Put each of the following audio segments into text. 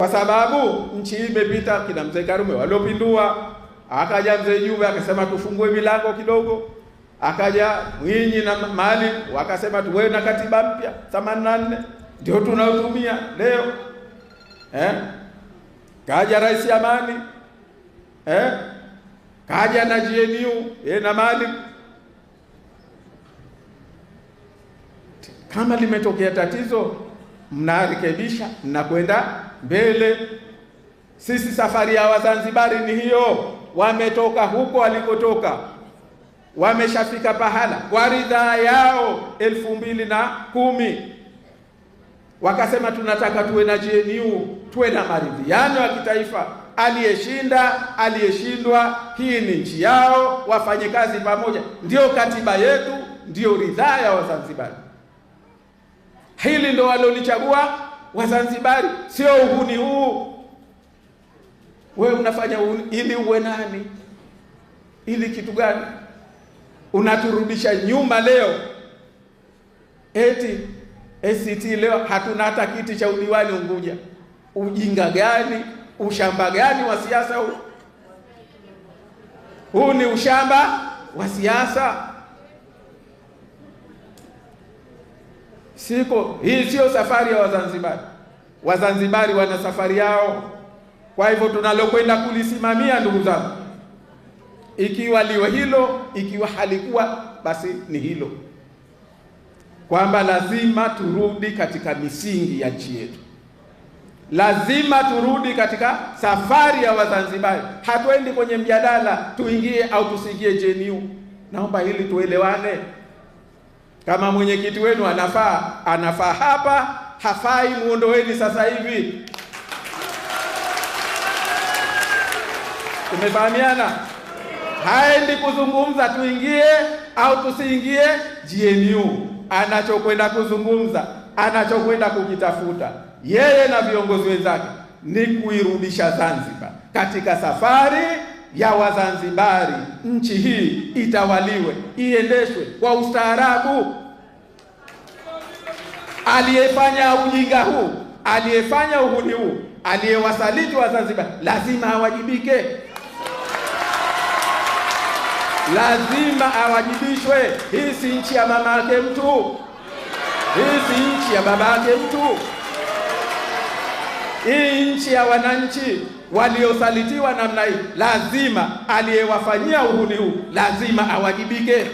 kwa sababu nchi hii imepita kina mzee Karume waliopindua, akaja mzee Jumbe akasema tufungue milango kidogo, akaja Mwinyi na Maalim wakasema tuwe na katiba mpya 84 ndio tunaotumia leo eh? Kaja Rais Amani eh? kaja na GNU eh, na Maalim kama limetokea tatizo mnarekebisha, mnakwenda mbele. Sisi safari ya Wazanzibari ni hiyo, wametoka huko walikotoka, wameshafika pahala kwa ridhaa yao. elfu mbili na kumi wakasema tunataka tuwe na GNU, tuwe na maridhiano ya kitaifa, aliyeshinda aliyeshindwa, hii ni nchi yao, wafanye kazi pamoja. Ndiyo katiba yetu, ndiyo ridhaa ya Wazanzibari. Hili ndo walionichagua Wazanzibari, sio uhuni huu. Wewe unafanya uhuni ili uwe nani? Ili kitu gani? Unaturudisha nyuma leo, eti ACT e leo hatuna hata kiti cha udiwani Unguja. Ujinga gani? Ushamba gani wa siasa huu? Huu ni ushamba wa siasa. Siko hii, sio safari ya Wazanzibari. Wazanzibari wana safari yao. Kwa hivyo tunalokwenda kulisimamia, ndugu zangu, ikiwa liwe hilo, ikiwa halikuwa basi ni hilo, kwamba lazima turudi katika misingi ya nchi yetu, lazima turudi katika safari ya Wazanzibari. Hatuendi kwenye mjadala tuingie au tusiingie JNU. Naomba hili tuelewane. Kama mwenyekiti wenu anafaa anafaa hapa, hafai muondoeni sasa hivi. Tumefahamiana? Haendi kuzungumza tuingie au tusiingie GNU. Anachokwenda kuzungumza, anachokwenda kukitafuta yeye na viongozi wenzake ni kuirudisha Zanzibar katika safari ya Wazanzibari, nchi hii itawaliwe, iendeshwe kwa ustaarabu. Aliyefanya ujinga huu, aliyefanya uhuni huu, aliyewasaliti Wazanzibari lazima awajibike, lazima awajibishwe. Hii si nchi ya mama yake mtu, hii si nchi ya baba yake mtu, hii nchi ya wananchi waliosalitiwa namna hii, lazima aliyewafanyia uhuni huu lazima awajibike,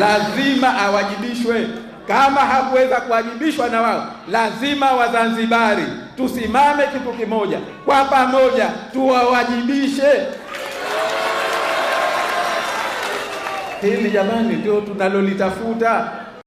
lazima awajibishwe. Kama hakuweza kuwajibishwa na wao, lazima Wazanzibari tusimame kitu kimoja, kwa pamoja tuwawajibishe. Hili jamani, ndio tunalolitafuta.